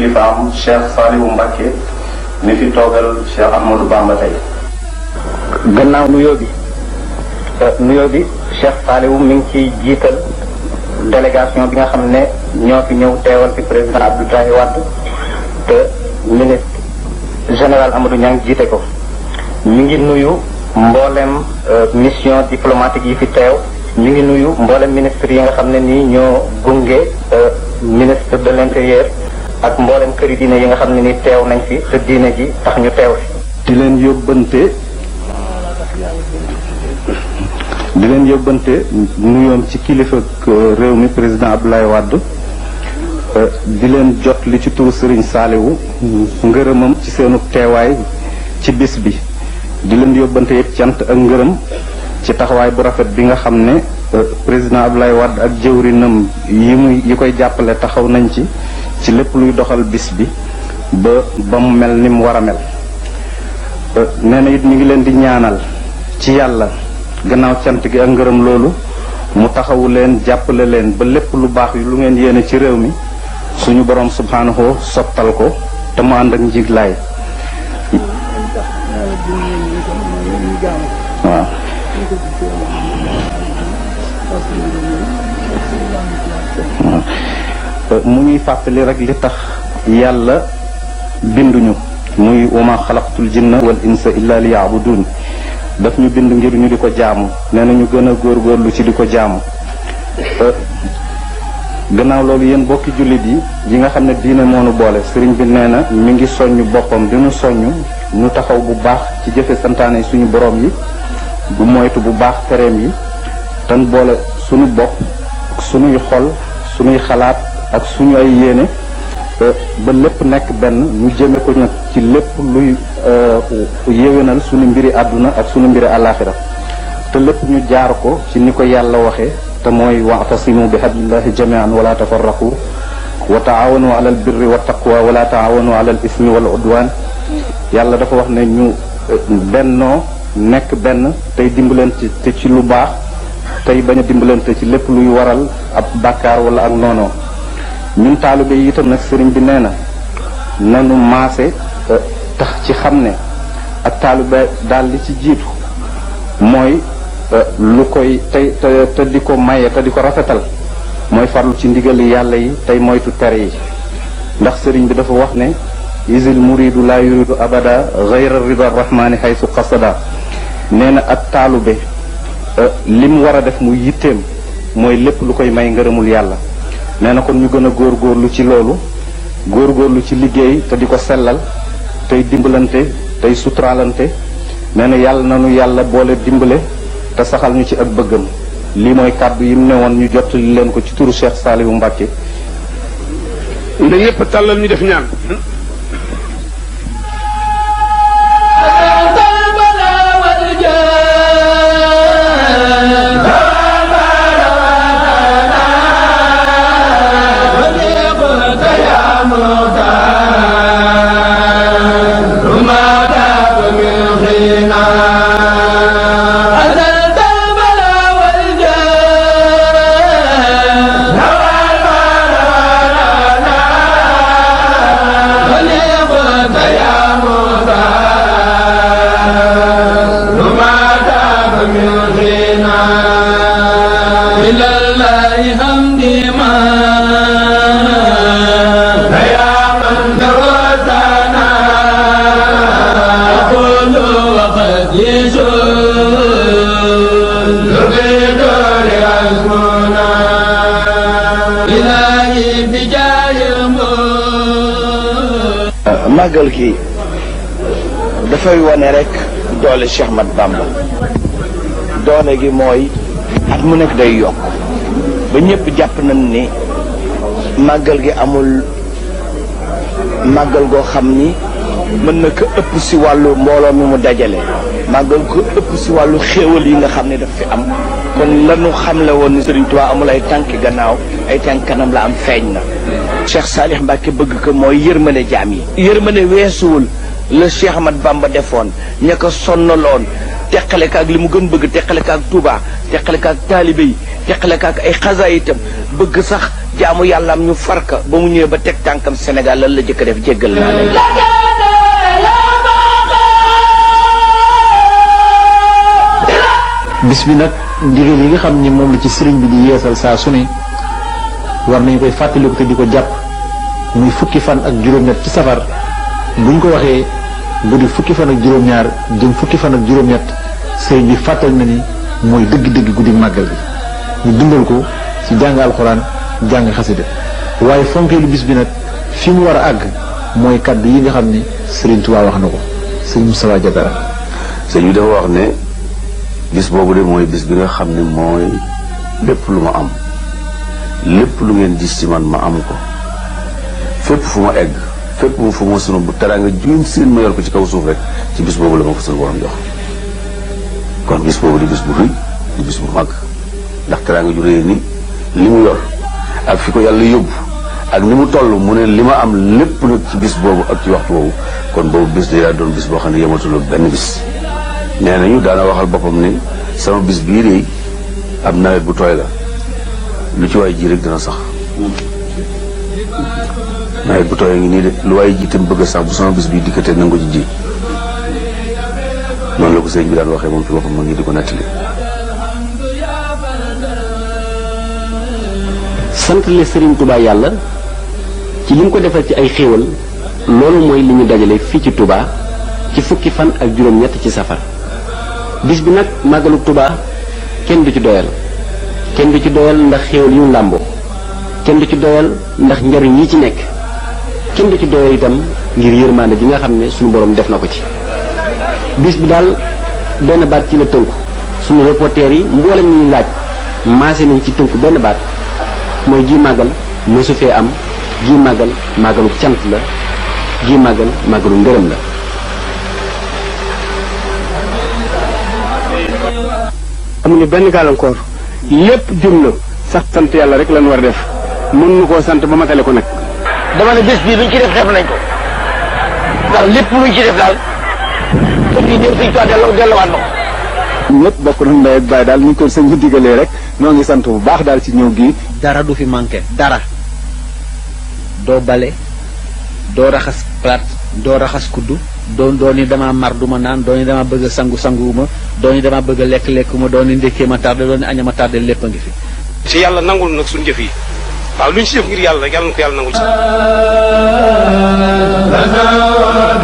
kilifaam Cheikh Saliou Mbacké mi fi toogal Cheikh Ahmadou Bamba tey. gannaaw nuyoo bi euh, nuyoo bi Cheikh ngi ciy jiital délégation bi nga xam ne ñoo fi ñëw teewal fi président Abdoulaye Wade te ministre général Amadou Niang jiite ko mi ngi nuyu mboolem euh, mission diplomatique yi fi teew ñu ngi nuyu mboolem ministre yi nga xam ne nii ñoo gunge euh, ministre de l'intérieur ak mboolem këri diine yi nga xam ne ni teew nañ fi te diine ji tax ñu teew fi di leen yóbbante di leen yóbbante nuyoon ci kilifa réew mi président lay Wade euh, di leen jot li ci turu Serigne Saliou ngërëmam ci seenu teewaay ci bis bi di leen yóbbante yëpp cant ak ngërëm ci taxawaay bu rafet bi nga xam ne euh, président lay Wade ak jëwrinam yi muy yi koy jàppale taxaw nañ ci ci lépp luy doxal bis bi ba ba mu mel ni mu war a mel euh, nee na it ngi leen di ñaanal ci yàlla gannaaw cant gi ak ngërëm loolu mu taxawu leen jàppale leen ba lépp lu baax yi lu ngeen yéene ci réew mi suñu borom subhaanahu sottal ko te mu ànd ak njiglaay waaw mu ñuy fàttali rek li tax yàlla binduñu muy wama xalaqtul jinna wal insa illa li yaabudun daf ñu bind ngir ñu di ko jaamu nee na ñu gën a góorlu ci di ko jaamu euh, gannaaw loolu yéen bokki jullit yi yi nga xam ne diine moonu boole sëriñ bi nee na mi ngi soññ boppam bi mu soññ ñu taxaw bu baax ci jëfe santaane suñu borom yi bu moytu bu baax tereem yi tan boole suñu bopp suñuy xol suñuy xalaat ak suñu ay yéene ba lépp nekk benn ñu jëme ko nag ci lépp luy euh, yéwénal suñu mbiri àdduna ak sunu mbiri àllaaxira te lépp ñu jaar ko ci ni ko yàlla waxee te mooy wa'tasimu bi hablillahi jamian wala tafarraqu wa taawanu alal birri wa taqwa wala taawanu alal ismi wal udwan yàlla dafa wax ne ñu euh, bennoo nekk benn tey dimbalante te ci lu baax tey bañ a dimbalante ci lépp luy waral ab bàkkaar wala ak noonoo ñun taalibe yi itam nag sëriñ bi nee na nanu maase tax ci xam ne ak taalibe daal li ci jiitu mooy e, lu koy tey te te di ko maye te di ko rafetal mooy farlu ci ndigal yàlla yi tey moytu tere yi ndax sëriñ bi dafa wax ne isil muridu laa yuridu abada gayra rida rahmaani haysu qasada nee na ak taalibe e, li mu war a def muy yitteem mooy lépp lu koy may ngërëmul yàlla nee na kon ñu gën a góorlu ci loolu góor góorgóorlu ci liggéey te di ko sellal tey dimbalante tey suturaalante nee na yàlla na nu yàlla boole dimbale te saxal ñu ci ak bëggam lii mooy kàddu yi mu ne woon ñu jottali leen ko ci turu Cheikh Saliou Mbacke. nda ñëpp tàllal ñu def ñaan. màggal gi dafay wane rek doole Cheikh Ahmat Bamba doole gi mooy at mu nekk day yokk ba ñëpp jàpp nañ ni màggal gi amul màggal goo xam ni mën na ko ëpp si wàllu mbooloo mi mu dajale màggal ko ëpp si wàllu xéewal yi nga xam ne daf fi am kon lanu xamle woon ni Sëriñ Tuubaa amul ay tànk gannaaw ay tànk kanam la am feeñ na Cheikh Saalix Mbàkke bëgg ko mooy yërmande jaam yi yërmande weesuwul la Cheikh Ahmad Bamba defoon ña ko sonnaloon teqale ka li mu gën bëgg teqale ka ak Touba teqale ka ak taalibe yi teqale ka ay xasaay itam bëgg sax jaamu am ñu farka ba mu ñëwee ba teg tànkam Sénégal lan la jëkk def jéggal naa leen bis bi nag ndigal yi nga xam ni moom la ci sëriñ bi di yeesal saa su ne war nañ koy fàttaliku te di ko jàpp muy fukki fan ak juróom-ñett ci safar buñ ko waxee bu di fukki fan ak juróom-ñaar jëm fukki fan ak juróom-ñett sëriñ bi fàttali na ni mooy dëgg-dëgg guddi màggal bi ñu dundal ko ci jàng alxuraan jàng xasida waaye fonkeelu bis bi nag fi mu war a àgg mooy kàddu yi nga xam ni sëriñ Tuubaa wax na ko sëriñ Moustapha Diatara sëriñ bi dafa wax ne bis boobu de mooy bis bi nga xam ne mooy lépp lu ma am lépp lu ngeen gis ci man ma am ko fépp fu ma egg fépp mu fu ma sunu bu teraanga juñ seen ma yor ko ci kaw suuf rek ci bis boobu la ma ko sunu borom jox kon bis boobu di bis bu rëy di bis bu mag ndax teraanga ju rëy ni li mu yor ak fi ko yàlla yóbbu ak ni mu toll mu ne li ma am lépp nag ci bis boobu ak ci waxtu boobu kon boobu bis day daa doon bis boo xam ne yematul benn bis nee nañu daana waxal boppam ni sama bis bii de am nawet bu tooy la lu ci waay jii rek dina sax nawet bu tooyee ngi nii de lu waay ji itam bëgg a sax bu sama bis bii dikkatee nangu ci ji noonu la ko sëriñ bi daan waxee moom ci boppam ma ngi di ko nettali sant le sëriñ Touba yàlla ci li ko defal ci ay xéewal loolu mooy li ñu dajale fii ci tubaa ci fukki fan ak juróom-ñett ci safar bis bi nag màggalu tubaa kenn du ci doyal kenn du ci doyal ndax xéewal yu làmbo kenn du ci doyal ndax njariñ yi ci nekk kenn du ci doyal itam ngir yërmande gi nga xam ne suñu borom def na ko ci bis bi daal benn baat ci la tënku suñu reporter yi mboolem ñuy laaj maase nañ ci tënku benn baat mooy ji màggal mosu fee am ji màggal màggalu cant la ji màggal màggalu ngërëm la amuñu benn gàllankoor lépp jëm la sax sant yàlla rek lan war a def mën nu koo sant ba matale ko nag. dama ne bés bii luñ ci def def nañ ko ndax lépp luñ ci def daal te fii ñëw suñ ko delloo delloowaat na ko. ñëpp bokk nañ mbay ak baay daal ñu ko sëñ bi digalee rek ñoo ngi sant bu baax daal ci ñëw gi. dara du fi manqué dara doo bale doo raxas palaat doo raxas kuddu doo doo ni damaa mar du ma naan doo ni damaa bëgg sangu sanguwuma doo ni damaa bëgg a lekk lekkuma doo ni ndékkee ma tardé doo ni aña ma tardé lépp a ngi fi. si yàlla nangul nag suñu jëf yi waaw lu ñu si jëf ngir yàlla rek yàlla na ko yàlla nangul si. Ah,